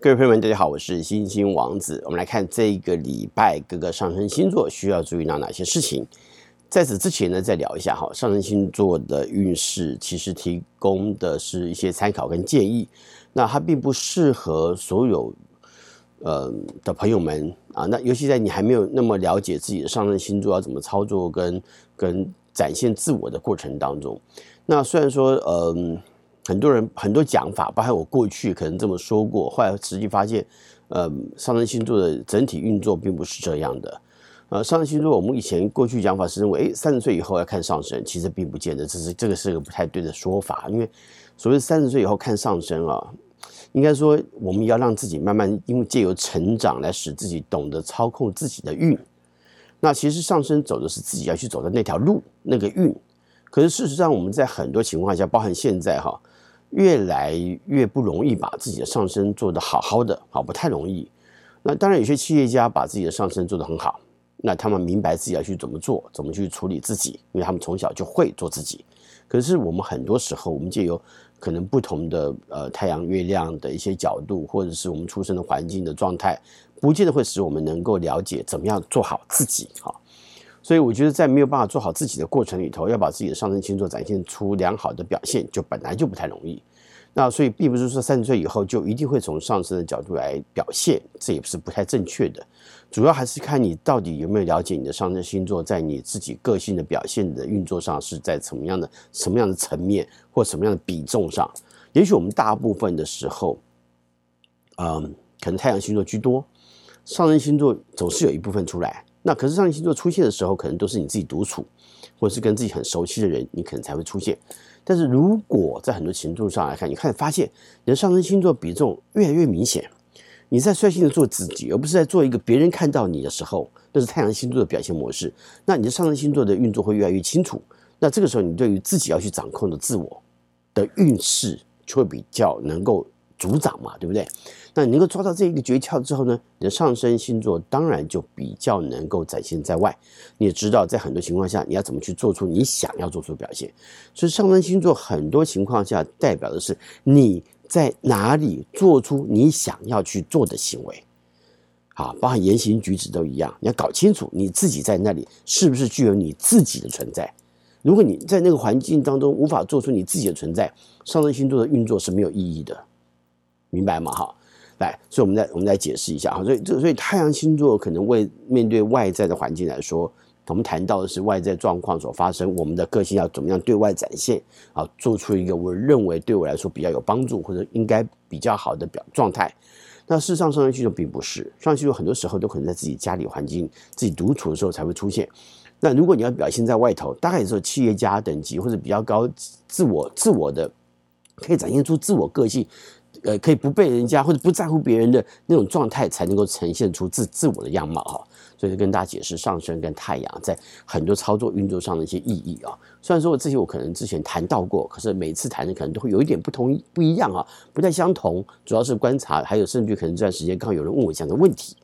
各位朋友們，大家好，我是星星王子。我們來看這個禮拜各個上升星座需要注意到哪些事情。在此之前呢，再聊一下哈，上升星座的運勢其實提供的是一些參考跟建議，那它並不適合所有呃的朋友們啊。那尤其在你還沒有那麼了解自己的上升星座要怎麼操作跟跟展現自我的過程當中，那雖然說嗯、呃。很多人很多講法，包含我過去可能這麼說過，後來實際發現，呃，上升星座的整體運作並不是這樣的。呃，上升星座我們以前過去講法是認為，誒，三十歲以後要看上升，其實並不見得，這是這個是個不太對的說法。因為所謂三十歲以後看上升啊，應該說我們要讓自己慢慢，因為借由成長來使自己懂得操控自己的運。那其實上升走的是自己要去走的那條路，那個運。可是事實上，我們在很多情況下，包含現在哈、啊。越來越不容易把自己的上升做得好好的啊，好不太容易。那當然，有些企業家把自己的上升做得很好，那他們明白自己要去怎麼做，怎麼去處理自己，因為他們從小就會做自己。可是我們很多時候，我們借由可能不同的呃太陽月亮的一些角度，或者是我們出生的環境的狀態，不見得會使我們能夠了解怎麼樣做好自己啊。所以我覺得，在沒有辦法做好自己的過程裡頭，要把自己的上升星座展現出良好的表現，就本來就不太容易。那所以，並不是說三十歲以後就一定會從上升的角度來表現，這也是不太正確的。主要還是看你到底有沒有了解你的上升星座，在你自己個性的表現的運作上，是在什麼樣的、什麼樣的層面或什麼樣的比重上。也許我們大部分的時候，嗯，可能太陽星座居多，上升星座總是有一部分出來。那可是上升星座出現的時候，可能都是你自己獨處，或者是跟自己很熟悉的人，你可能才會出現。但是如果在很多程度上來看，你會發現你的上升星座比重越來越明顯，你在率性的做自己，而不是在做一個別人看到你的時候，那是太陽星座的表現模式。那你的上升星座的運作會越來越清楚。那這個時候，你對於自己要去掌控的自我的運勢，就會比較能夠。組長嘛，對不對？那你能夠抓到這一個訣竅之後呢，你的上升星座當然就比較能夠展現在外。你也知道，在很多情況下，你要怎麼去做出你想要做出的表現。所以上升星座很多情況下代表的是你在哪裡做出你想要去做的行為，好，包含言行舉止都一樣。你要搞清楚你自己在那裡是不是具有你自己的存在。如果你在那個環境當中無法做出你自己的存在，上升星座的運作是沒有意義的。明白嗎？哈，來，所以我們再我們再解釋一下啊。所以這所以太陽星座可能為面對外在的環境來說，我們談到的是外在狀況所發生，我們的個性要怎麼樣對外展現啊，做出一個我認為對我來說比較有幫助或者應該比較好的表狀態。那事實上，上去就，上升星座並不是上升星座，很多時候都可能在自己家裡環境、自己獨處的時候才會出現。那如果你要表現在外頭，大概也是有企業家等級或者比較高自我自我的，可以展現出自我個性。呃，可以不被人家或者不在乎別人的那種狀態，才能夠呈現出自自我的樣貌哈、哦。所以就跟大家解釋上升跟太陽在很多操作運作上的一些意義啊、哦。雖然說這些我可能之前談到過，可是每次談的可能都會有一點不同不一樣啊、哦，不太相同。主要是觀察，還有甚至於可能這段時間剛好有人問我這樣的問題，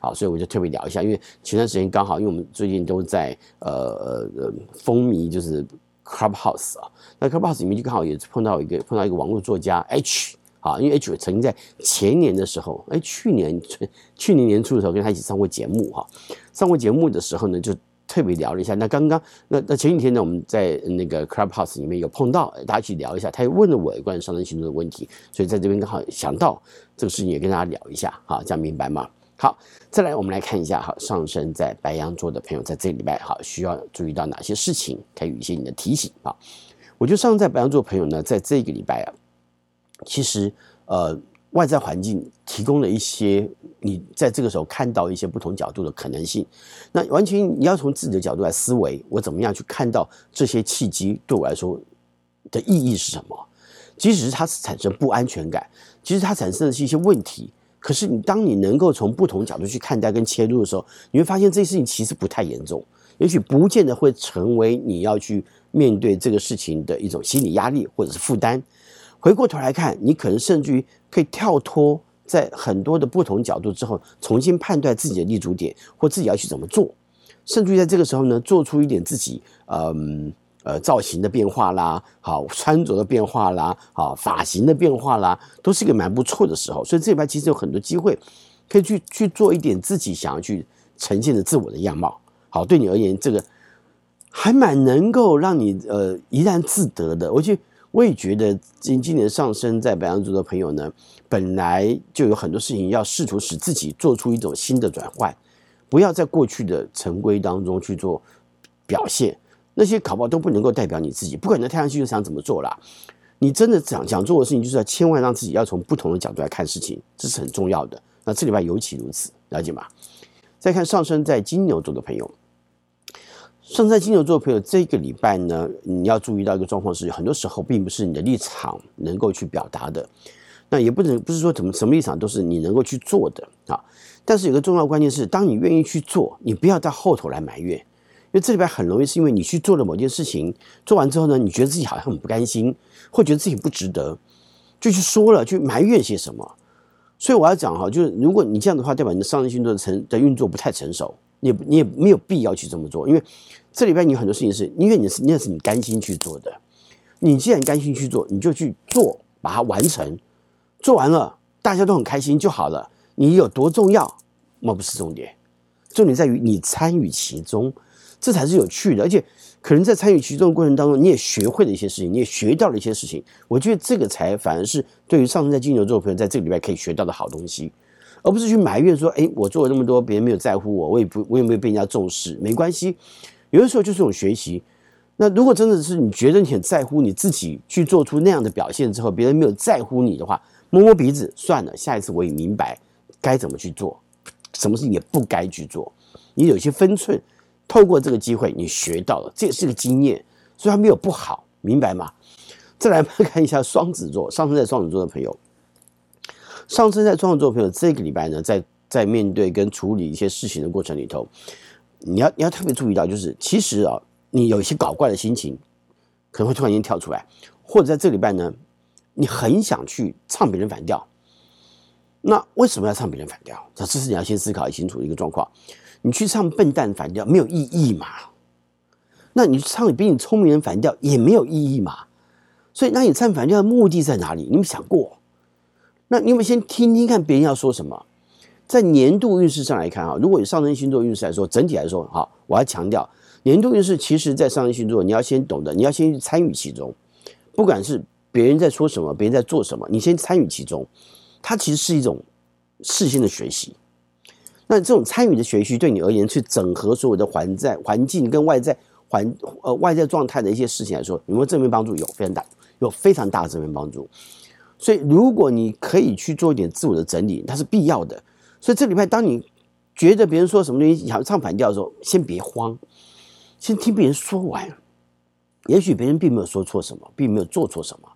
好，所以我就特別聊一下。因為前段時間剛好，因為我們最近都在呃呃風靡就是 Clubhouse 啊、哦，那 Clubhouse 裡面就剛好也碰到一個碰到一個網絡作家 H。好，因為 H 曾經在前年的時候，哎，去年、去年年初的時候跟他一起上過節目哈、啊。上過節目的時候呢，就特別聊了一下。那剛剛，那那前幾天呢，我們在那個 Clubhouse 裡面有碰到，大家去聊一下。他也問了我關於上升星座的問題，所以在這邊剛好想到這個事情，也跟大家聊一下。好，這樣明白嗎？好，再來我們來看一下哈，上升在白羊座的朋友在這個禮拜哈，需要注意到哪些事情，給予一些你的提醒啊。我覺得上升在白羊座的朋友呢，在這個禮拜啊。其實，呃，外在環境提供了一些你在這個時候看到一些不同角度的可能性。那完全你要從自己的角度來思維，我怎麼樣去看到這些契機對我來說的意義是什麼？即使它是它產生不安全感，其實它產生的是一些問題。可是你當你能夠從不同角度去看待跟切入的時候，你會發現這些事情其實不太嚴重，也許不見得會成為你要去面對這個事情的一種心理壓力或者是負擔。回過頭來看，你可能甚至於可以跳脫在很多的不同角度之後，重新判斷自己的立足點或自己要去怎麼做，甚至於在這個時候呢，做出一點自己嗯呃，呃造型的變化啦，好穿着的變化啦，好髮型的變化啦，都是一個蠻不錯的時候。所以這裡邊其實有很多機會，可以去去做一點自己想要去呈現的自我的樣貌。好，對你而言，這個還蠻能夠讓你呃怡然自得的。我覺得。我也覺得今今年上升在白羊座的朋友呢，本來就有很多事情要試圖使自己做出一種新的轉換，不要在過去的陳規當中去做表現，那些考報都不能夠代表你自己，不管你在太陽星座就想怎麼做啦。你真的想想做的事情就是要千萬讓自己要從不同的角度來看事情，這是很重要的。那這禮拜尤其如此，了解嗎？再看上升在金牛座的朋友。上升在金牛座朋友，這個禮拜呢，你要注意到一個狀況是，很多時候並不是你的立場能夠去表達的。那也不能不是說怎麼什麼立場都是你能夠去做的啊。但是有個重要的關鍵是，當你願意去做，你不要到後頭來埋怨，因為這禮拜很容易是因為你去做了某件事情，做完之後呢，你覺得自己好像很不甘心，或覺得自己不值得，就去說了去埋怨些什麼。所以我要講哈，就是如果你這樣的話，代表你的上升星座成的運作不太成熟，你你也沒有必要去這麼做，因為。這禮拜你有很多事情是，因為你是，那是你甘心去做的。你既然甘心去做，你就去做，把它完成。做完了，大家都很開心就好了。你有多重要，那不是重點？重點在於你參與其中，這才是有趣的。而且，可能在參與其中的過程當中，你也學會了一些事情，你也學到了一些事情。我覺得這個才反而是對於上升在金牛座的朋友，在這個禮拜可以學到的好東西，而不是去埋怨說：“哎，我做了那麼多，別人沒有在乎我，我也不，我也沒有被人家重視。”沒關係。有的時候就是一種學習，那如果真的是你覺得你很在乎你自己去做出那樣的表現之後，別人沒有在乎你的話，摸摸鼻子算了，下一次我也明白該怎麼去做，什麼事情也不該去做，你有些分寸。透過這個機會，你學到了，這也是個經驗，所以它沒有不好，明白嗎？再來看一下雙子座，上升在雙子座的朋友，上升在雙子座的朋友這個禮拜呢，在在面對跟處理一些事情的過程裡頭。你要你要特別注意到，就是其實啊，你有一些搞怪的心情，可能會突然間跳出來，或者在這禮拜呢，你很想去唱別人反調。那為什麼要唱別人反調？這是你要先思考清楚的一個狀況。你去唱笨蛋反調沒有意義嘛？那你唱比你聰明人反調也沒有意義嘛？所以，那你唱反調的目的在哪裡？你有想過？那你們先聽聽看別人要說什麼。在年度運勢上來看，啊，如果以上升星座運勢來說，整體來說，哈，我要強調，年度運勢其實，在上升星座，你要先懂得，你要先去參與其中，不管是別人在說什麼，別人在做什麼，你先參與其中，它其實是一種事先的學習。那這種參與的學習，對你而言去整合所有的環在環境跟外在環呃外在狀態的一些事情來說，有沒有正面幫助？有，非常大，有非常大的正面幫助。所以，如果你可以去做一點自我的整理，它是必要的。所以這禮拜，當你覺得別人說什麼東西想唱反調的時候，先別慌，先聽別人說完。也許別人並沒有說錯什麼，並沒有做錯什麼。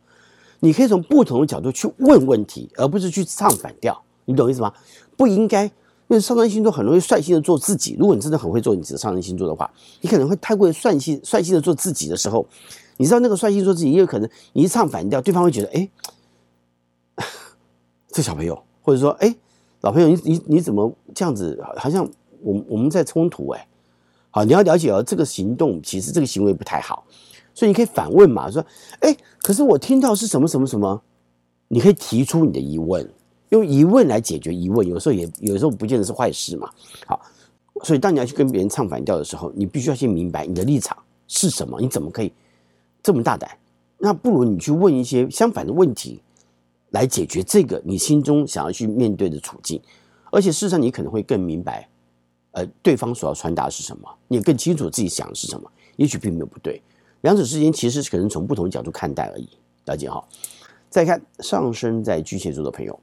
你可以從不同的角度去問問題，而不是去唱反調。你懂意思嗎？不應該，因為上升星座很容易率性的做自己。如果你真的很會做，你自己的上升星座的話，你可能會太過於率性、率性的做自己的時候，你知道那個率性做自己，也有可能你一唱反調，對方會覺得哎，這小朋友，或者說哎。誒老朋友，你你你怎麼這樣子？好像我們我們在衝突哎。好，你要了解哦，這個行動其實這個行為不太好，所以你可以反問嘛，說：“哎，可是我聽到是什麼什麼什麼？”你可以提出你的疑問，用疑問來解決疑問，有時候也有時候不見得是壞事嘛。好，所以當你要去跟別人唱反調的時候，你必須要先明白你的立場是什麼，你怎麼可以這麼大膽？那不如你去問一些相反的問題。來解決這個你心中想要去面對的處境，而且事實上你可能會更明白，呃，對方所要傳達的是什麼，你也更清楚自己想的是什麼，也許並沒有不對，兩者之間其實可能從不同角度看待而已，了解。哈。再看上升在巨蟹座的朋友，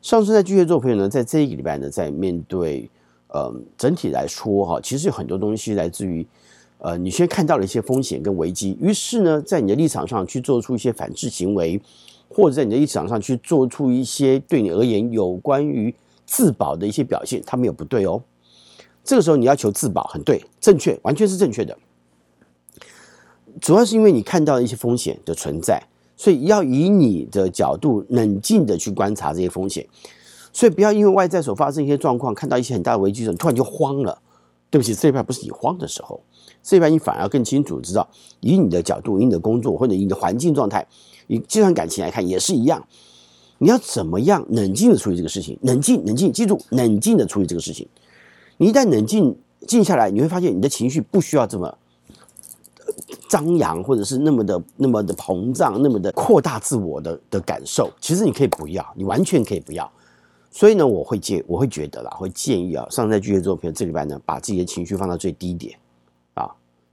上升在巨蟹座的朋友呢，在這一個禮拜呢，在面對，呃，整體來說哈、哦，其實有很多東西來自於，呃，你先看到了一些風險跟危機，於是呢，在你的立場上去做出一些反制行為。或者在你的立場上去做出一些對你而言有關於自保的一些表現，他沒有不對哦。這個時候你要求自保，很對，正確，完全是正確的。主要是因為你看到一些風險的存在，所以要以你的角度冷靜的去觀察這些風險。所以不要因為外在所發生一些狀況，看到一些很大的危機時，你突然就慌了。對不起，這一塊不是你慌的時候。這邊你反而更清楚，知道以你的角度、以你的工作或者以你的環境狀態，以這段感情來看也是一樣。你要怎麼樣冷靜的處理這個事情？冷靜，冷靜，記住冷靜的處理這個事情。你一旦冷靜靜下來，你會發現你的情緒不需要這麼、呃、張揚，或者是那麼的那麼的膨脹，那麼的擴大自我的的感受。其實你可以不要，你完全可以不要。所以呢，我會建我會覺得啦，我會建議啊，上升在巨蟹座朋友。這禮拜呢，把自己的情緒放到最低點。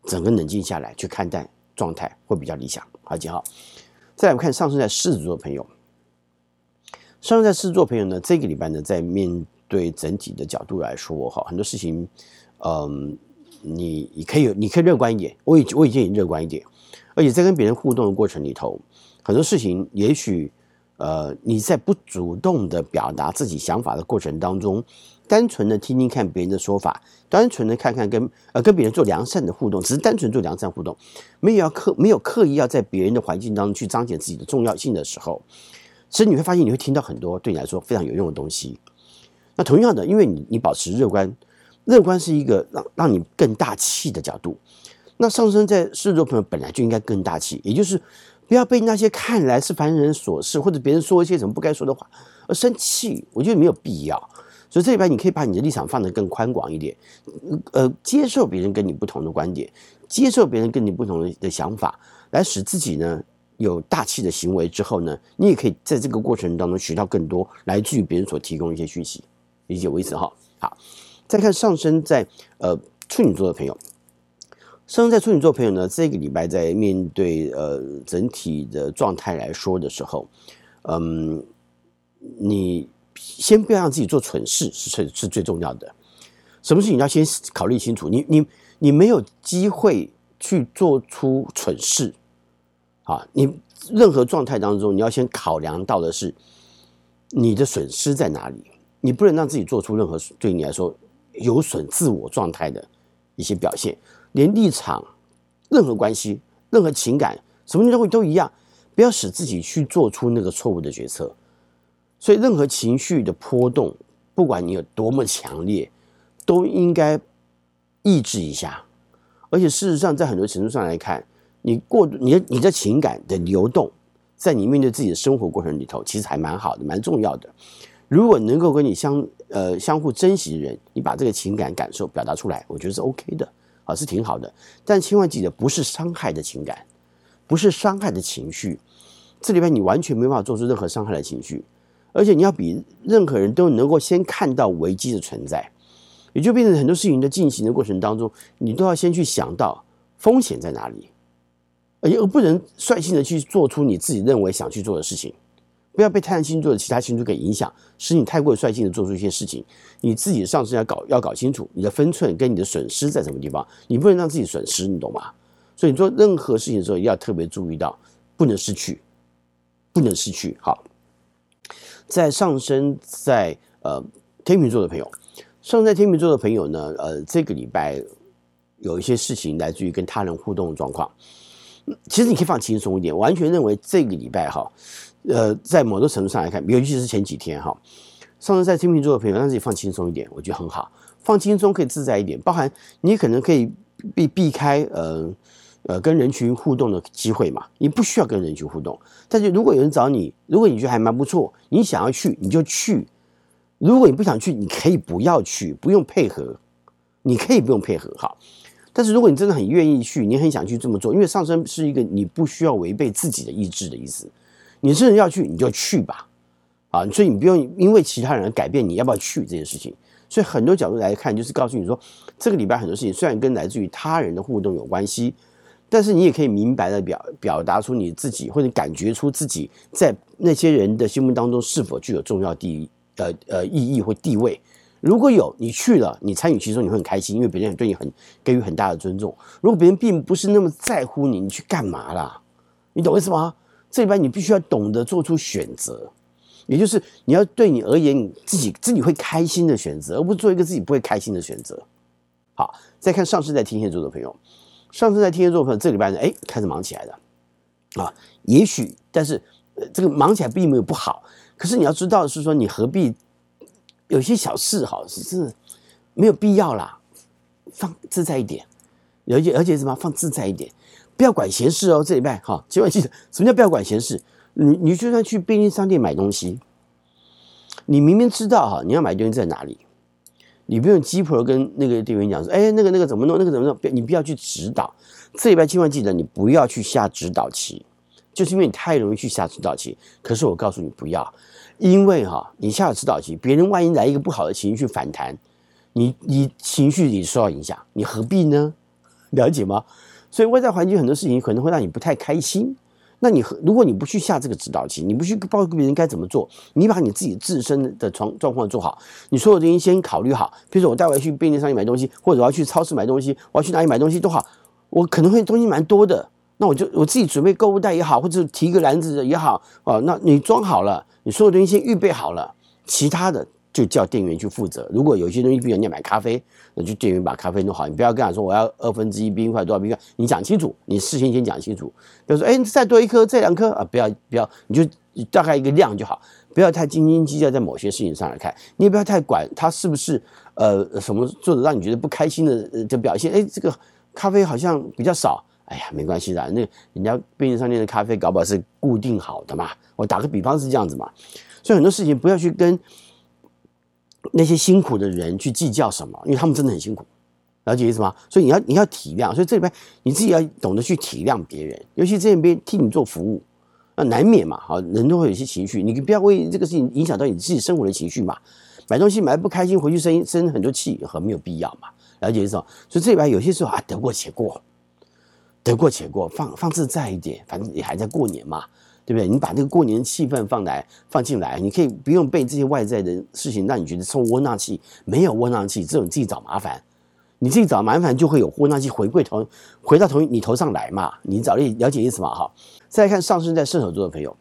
整個冷靜下來去看待狀態會比較理想。好，幾號。再來看上升在獅子座的朋友，上升在獅子座的朋友呢，這個禮拜呢，在面對整體的角度來說，哈，很多事情，嗯，你你可以你可以樂觀一點，我也我也建議樂觀一點，而且在跟別人互動的過程裡頭，很多事情也許。呃，你在不主動的表達自己想法的過程當中，單純的聽聽看別人的說法，單純的看看跟呃跟別人做良善的互動，只是單純做良善互動，沒有要刻沒有刻意要在別人的環境當中去彰顯自己的重要性的時候，其實你會發現你會聽到很多對你來說非常有用的東西。那同樣的，因為你你保持樂觀，樂觀是一個讓讓你更大氣的角度。那上升在獅子座朋友本來就應該更大氣，也就是。不要被那些看來是凡人所事，或者別人說一些什麼不該說的話而生氣，我覺得沒有必要。所以這裡邊你可以把你的立場放得更寬廣一點，呃，接受別人跟你不同的觀點，接受別人跟你不同的想法，來使自己呢有大氣的行為。之後呢，你也可以在這個過程當中學到更多來自於別人所提供的一些訊息，理解我意思哈？好，再看上升在呃處女座的朋友。上升在處女座朋友呢，這個禮拜在面對呃整體的狀態來說的時候，嗯，你先不要讓自己做蠢事是是最重要的。什麼事情你要先考慮清楚？你你你沒有機會去做出蠢事，啊，你任何狀態當中，你要先考量到的是你的損失在哪裡。你不能讓自己做出任何對你來說有損自我狀態的一些表現。連立場、任何關係、任何情感，什麼東西都一樣，不要使自己去做出那個錯誤的決策。所以，任何情緒的波動，不管你有多麼強烈，都應該抑制一下。而且，事實上，在很多程度上來看，你過你、你的情感的流動，在你面對自己的生活過程裡頭，其實還蠻好的，蠻重要的。如果能夠跟你相呃相互珍惜的人，你把這個情感感受表達出來，我覺得是 OK 的。啊，是挺好的，但千萬記得，不是傷害的情感，不是傷害的情緒。這裡邊你完全沒辦法做出任何傷害的情緒，而且你要比任何人都能夠先看到危機的存在，也就變成很多事情在進行的過程當中，你都要先去想到風險在哪裡，而而不能率性的去做出你自己認為想去做的事情。不要被太陽星座的其他星座給影響，使你太過率性的做出一些事情。你自己上升要搞要搞清楚你的分寸跟你的損失在什麼地方。你不能讓自己損失，你懂嗎？所以你做任何事情的時候，一定要特別注意到，不能失去，不能失去。好，在上升在呃天秤座的朋友，上升在天秤座的朋友呢，呃，這個禮拜有一些事情來自於跟他人互動的狀況。其實你可以放輕鬆一點，完全認為這個禮拜哈。哦呃，在某種程度上來看，尤其是前幾天哈，上升在天秤座的朋友，讓自己放輕鬆一點，我覺得很好。放輕鬆可以自在一點，包含你可能可以避避開呃呃跟人群互動的機會嘛，你不需要跟人群互動。但是如果有人找你，如果你覺得還蠻不錯，你想要去，你就去；如果你不想去，你可以不要去，不用配合，你可以不用配合哈。但是如果你真的很願意去，你很想去這麼做，因為上升是一個你不需要違背自己的意志的意思。你真的要去，你就去吧，啊！所以你不用因為其他人改變你要不要去這件事情。所以很多角度來看，就是告訴你說，這個禮拜很多事情雖然跟來自於他人的互動有關係，但是你也可以明白的表表達出你自己，或者感覺出自己在那些人的心目當中是否具有重要地呃呃意義或地位。如果有，你去了，你參與其中，你會很開心，因為別人對你很給予很大的尊重。如果別人並不是那麼在乎你，你去幹嘛啦？你懂我意思嗎？這禮拜你必須要懂得做出選擇，也就是你要對你而言，你自己自己會開心的選擇，而不是做一個自己不會開心的選擇。好，再看上升在天蠍座的朋友，上升在天蠍座朋友，這禮拜呢，哎，開始忙起來了啊。也許，但是、呃、這個忙起來並沒有不好，可是你要知道的是說，你何必有些小事哈是真的沒有必要啦，放自在一點，而且而且什麼放自在一點。不要管閒事哦，這禮拜哈，千萬記得什麼叫不要管閒事。你你就算去便利商店買東西，你明明知道哈，你要買的東西在哪裡，你不用雞婆跟那個店員講說，哎、欸，那個那個怎麼弄，那個怎麼弄，你不要去指導。這禮拜，千萬記得，你不要去下指導棋，就是因為你太容易去下指導棋。可是我告訴你不要，因為哈，你下了指導棋，別人萬一來一個不好的情緒反彈，你你情緒也受到影響，你何必呢？了解嗎？所以外在環境很多事情可能會讓你不太開心，那你和如果你不去下這個指導棋，你不去告訴別人該怎麼做，你把你自己自身的狀狀況做好，你所有東西先考慮好。比如說我待會去便利商店上買東西，或者我要去超市買東西，我要去哪裡買東西都好，我可能會東西蠻多的，那我就我自己準備購物袋也好，或者提一個籃子也好啊、呃。那你裝好了，你所有東西先預備好了，其他的。就叫店員去負責。如果有些東西，比如人家買咖啡，那就店員把咖啡弄好。你不要跟他說，我要二分之一冰塊、多少冰塊，你講清楚，你事先先講清楚。比如說，哎、欸，再多一顆，這兩顆啊，不要不要，你就大概一個量就好，不要太斤斤計較在某些事情上來看。你也不要太管他是不是呃什麼做的讓你覺得不開心的這、呃、表現。哎、欸，這個咖啡好像比較少。哎呀，沒關係的，那個，人家便利商店的咖啡搞不好是固定好的嘛。我打個比方是這樣子嘛。所以很多事情不要去跟，那些辛苦的人去計較什麼？因為他們真的很辛苦，了解意思嗎？所以你要你要體諒，所以這裡邊你自己要懂得去體諒別人，尤其這邊替你做服務，那難免嘛，哈，人都會有些情緒，你不要為這個事情影響到你自己生活的情緒嘛。買東西買不開心，回去生生很多氣，很沒有必要嘛。了解意思嗎？所以這裡邊有些時候啊，得過且過，得過且過，放放自在一點，反正也還在過年嘛。對不對？你把這個過年的氣氛放來放進來，你可以不用被這些外在的事情讓你覺得受窩囊氣，沒有窩囊氣，只有你自己找麻煩。你自己找麻煩就會有窩囊氣回歸頭，回到頭你頭上來嘛。你找了，了解意思嘛？哈，再來看上升在射手座的朋友，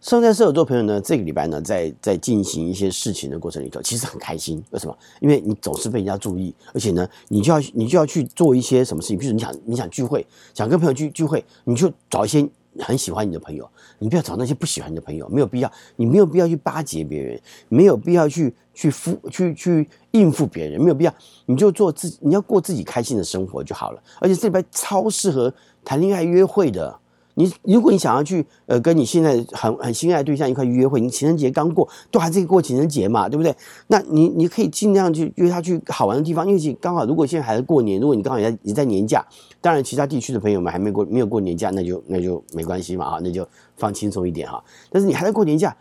上升在射手座的朋友呢，這個禮拜呢，在在進行一些事情的過程裡頭，其實很開心。為什麼？因為你總是被人家注意，而且呢，你就要你就要去做一些什麼事情。比如你想你想聚會，想跟朋友聚聚會，你就找一些。很喜歡你的朋友，你不要找那些不喜歡你的朋友，沒有必要，你沒有必要去巴結別人，沒有必要去去付，去去，去應付別人，沒有必要，你就做自己，你要過自己開心的生活就好了。而且這禮拜超適合談戀愛約會的。你如果你想要去呃跟你現在很很心愛的對象一塊去約會，你情人節剛過，都還是過情人節嘛，對不對？那你你可以盡量去約他去好玩的地方，因為剛好如果現在還在過年，如果你剛好也在也在年假，當然其他地區的朋友們還沒過沒有過年假，那就那就沒關係嘛啊，那就放輕鬆一點哈。但是你還在過年假，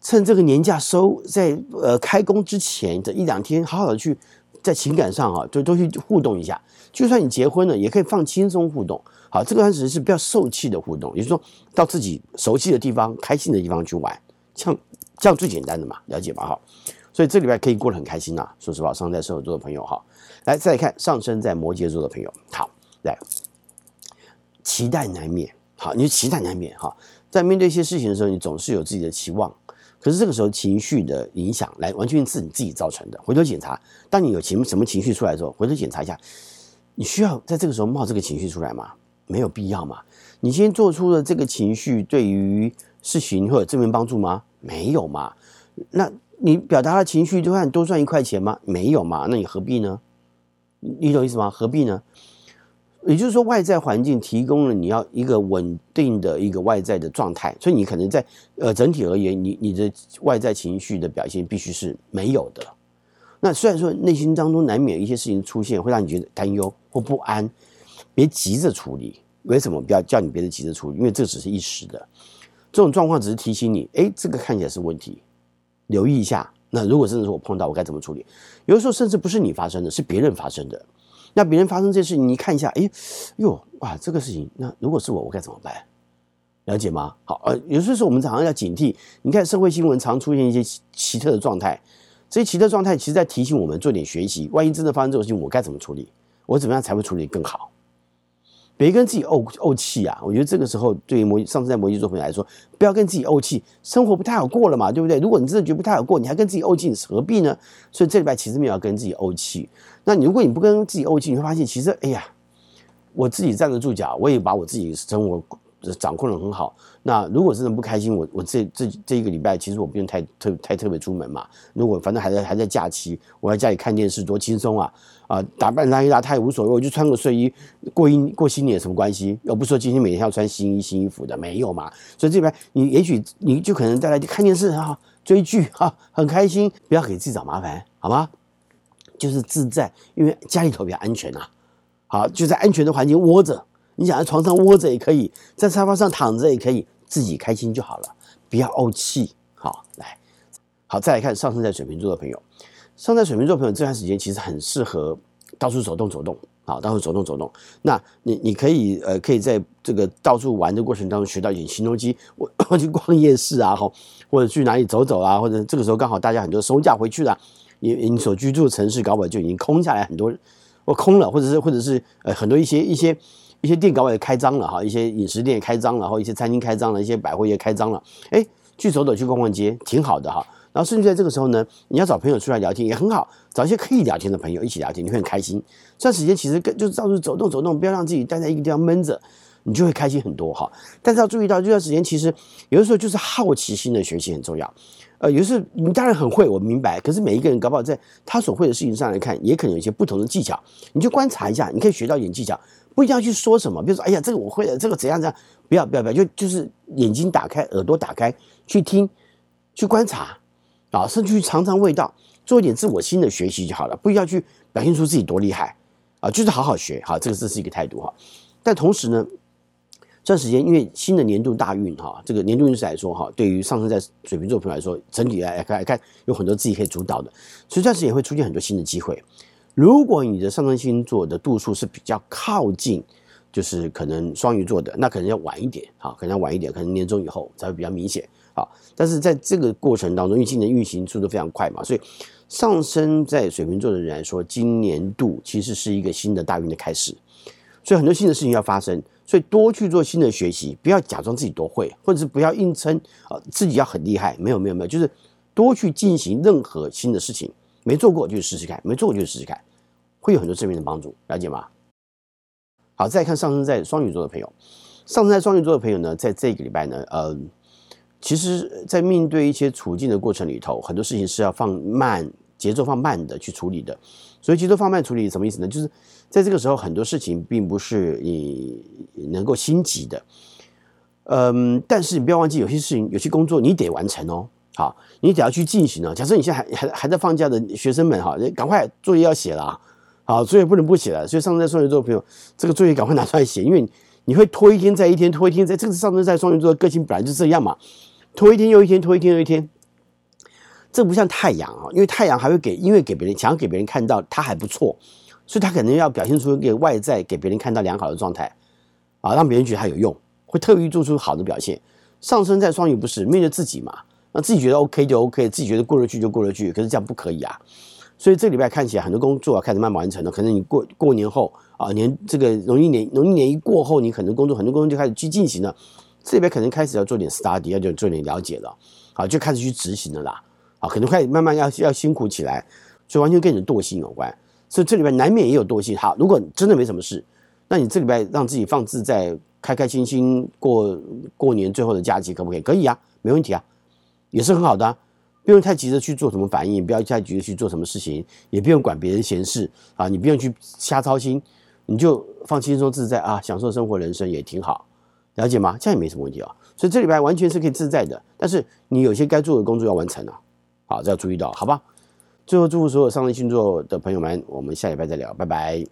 趁這個年假收在呃開工之前這一兩天，好好的去在情感上啊，就都，都去互動一下，就算你結婚了，也可以放輕鬆互動。好，這個案子是比較受氣的互動，也就是說到自己熟悉的地方，開心的地方去玩，像這，這樣最簡單的嘛，了解吧哈。所以這禮拜可以過得很開心吶，啊，說實話，上升在射手座的朋友哈，來再來看上升在摩羯座的朋友，好來，期待難免，好，你就期待難免哈，在面對一些事情的時候，你總是有自己的期望，可是這個時候情緒的影響，來完全是你自己造成的。回頭檢查，當你有情什麼情緒出來的時候，回頭檢查一下，你需要在這個時候冒這個情緒出來嗎？沒有必要嘛？你先做出的這個情緒對於事情會有正面幫助嗎？沒有嘛？那你表達的情緒就算多賺一塊錢嗎？沒有嘛？那你何必呢？你懂意思嗎？何必呢？也就是說，外在環境提供了你要一個穩定的一個外在的狀態，所以你可能在呃整體而言，你你的外在情緒的表現必須是沒有的。那雖然說內心當中難免有一些事情出現，會讓你覺得擔憂或不安。別急着處理，為什麼不要叫你別急著處理？因為這只是一時的，這種狀況只是提醒你，哎，這個看起來是問題，留意一下。那如果真的是我碰到，我該怎麼處理？有的時候甚至不是你發生的，是別人發生的。那別人發生這事，你看一下，哎，喲哇，這個事情，那如果是我，我該怎麼辦？了解嗎？好，呃，有些時候我們常常要警惕。你看社會新聞常出現一些奇特的狀態，這些奇特狀態其實，在提醒我們做點學習。萬一真的發生這種事情，我該怎麼處理？我怎麼樣才會處理更好？別跟自己慪慪氣啊！我覺得這個時候，對於摩上次在摩羯座朋友來說，不要跟自己慪氣，生活不太好過了嘛，對不對？如果你真的覺得不太好過，你還跟自己慪氣，你何必呢？所以這禮拜其實沒有要跟自己慪氣。那你如果你不跟自己慪氣，你會發現其實，哎呀，我自己站得住腳，我也把我自己生活。掌控的很好。那如果真的不開心，我我這這這一個禮拜，其實我不用太特太特別出門嘛。如果反正還在還在假期，我在家裡看電視多輕鬆啊！啊、呃，打扮邋裡邋遢也無所謂，我就穿個睡衣過一過新年什麼關係？又不說今天每天要穿新衣新衣服的，沒有嘛。所以這邊你也許你就可能在那看電視啊，追劇啊，很開心。不要給自己找麻煩，好嗎？就是自在，因為家裡頭比較安全啊。好、啊，就在安全的環境窩着。你想在床上窩着也可以，在沙發上躺着也可以，自己開心就好了，不要慪氣。好，來，好，再來看上升在水瓶座的朋友，上升在水瓶座朋友這段時間其實很適合到處走動走動，好，到處走動走動。那你你可以呃可以在這個到處玩的過程當中學到一些新東西，我我去逛夜市啊，哈，或者去哪裡走走啊，或者這個時候剛好大家很多收假回去了，你你所居住的城市搞不好就已經空下來很多，或空了，或者是或者是呃很多一些一些。一些店搞也開張了哈，一些飲食店也開張了，然後一些餐廳開張了，一些百貨也開張了，哎，去走走，去逛逛街，挺好的哈。然後甚至在這個時候呢，你要找朋友出來聊天也很好，找一些可以聊天的朋友一起聊天，你會很開心。這段時間其實跟就是到處走動走動，不要讓自己待在一個地方悶着，你就會開心很多哈。但是要注意到這段時間其實有的時候就是好奇心的學習很重要。呃，有的時候你當然很會，我明白，可是每一個人搞不好在他所會的事情上來看，也可能有一些不同的技巧，你就觀察一下，你可以學到一點技巧。不一定要去說什麼，比如說，哎呀，這個我會了，這個怎樣怎樣？不要不要不要，就就是眼睛打開，耳朵打開，去聽，去觀察，啊，甚至去嘗嘗味道，做一點自我新的學習就好了。不一定要去表現出自己多厲害，啊，就是好好學，好、啊，這個這是一個態度哈、啊。但同時呢，這段時間因為新的年度大運哈、啊，這個年度運勢來說哈、啊，對於上升在水瓶座朋友來說，整體來看來看，有很多自己可以主導的，所以這段時間也會出現很多新的機會。如果你的上升星座的度數是比較靠近，就是可能雙魚座的，那可能要晚一點，好，可能要晚一點，可能年終以後才會比較明顯，啊。但是在這個過程當中，因為今年運行速度非常快嘛，所以上升在水瓶座的人來說，今年度其實是一個新的大運的開始，所以很多新的事情要發生，所以多去做新的學習，不要假裝自己多會，或者是不要硬撐，啊，自己要很厲害，沒有沒有沒有，就是多去進行任何新的事情。沒做過就是試試看，沒做過就是試試看，會有很多正面的幫助，了解嗎？好，再看上升在雙魚座的朋友，上升在雙魚座的朋友呢，在這個禮拜呢，嗯、呃，其實在面對一些處境的過程裡頭，很多事情是要放慢，節奏放慢的去處理的。所以節奏放慢處理什麼意思呢？就是在這個時候，很多事情並不是你能夠心急的。嗯、呃，但是你不要忘記，有些事情、有些工作，你得完成哦。好，你得要去進行了、啊。假設你現在還還還在放假的學生們、啊，哈，趕快作業要寫了啊！好，作業不能不寫了。所以上升在雙魚座的朋友，這個作業趕快拿出來寫，因為你，你會拖一天再一天，拖一天再在這個上升在雙魚座的個性本來就這樣嘛，拖一天又一天，拖一天又一天。這不像太陽啊，因為太陽還會給，因為給別人想要給別人看到他還不錯，所以他可能要表現出一個外在給別人看到良好的狀態啊，讓別人覺得他有用，會特意做出好的表現。上升在雙魚不是面對自己嘛？那自己覺得 OK 就 OK，自己覺得過得去就過得去，可是這樣不可以啊。所以這禮拜看起來很多工作開始慢慢完成了，可能你過過年後啊，年這個農曆年農曆年一過後，你可能工作，很多工作就開始去進行了。這禮拜可能開始要做點 study，要做做點了解了，好，就開始去執行了啦。好，可能開始慢慢要要辛苦起來，所以完全跟你的惰性有關。所以這裡邊難免也有惰性。好，如果真的沒什麼事，那你這禮拜讓自己放置在開開心心過過年最後的假期，可不可以？可以啊，沒問題啊。也是很好的啊，不用太急着去做什麼反應，不要太急着去做什麼事情，也不用管別人閒事啊，你不用去瞎操心，你就放輕鬆自在啊，享受生活人生也挺好，了解嗎？這樣也沒什麼問題哦、啊。所以這禮拜完全是可以自在的，但是你有些該做的工作要完成啊，好，這要注意到，好吧？最後祝福所有上升星座的朋友們，我們下禮拜再聊，拜拜。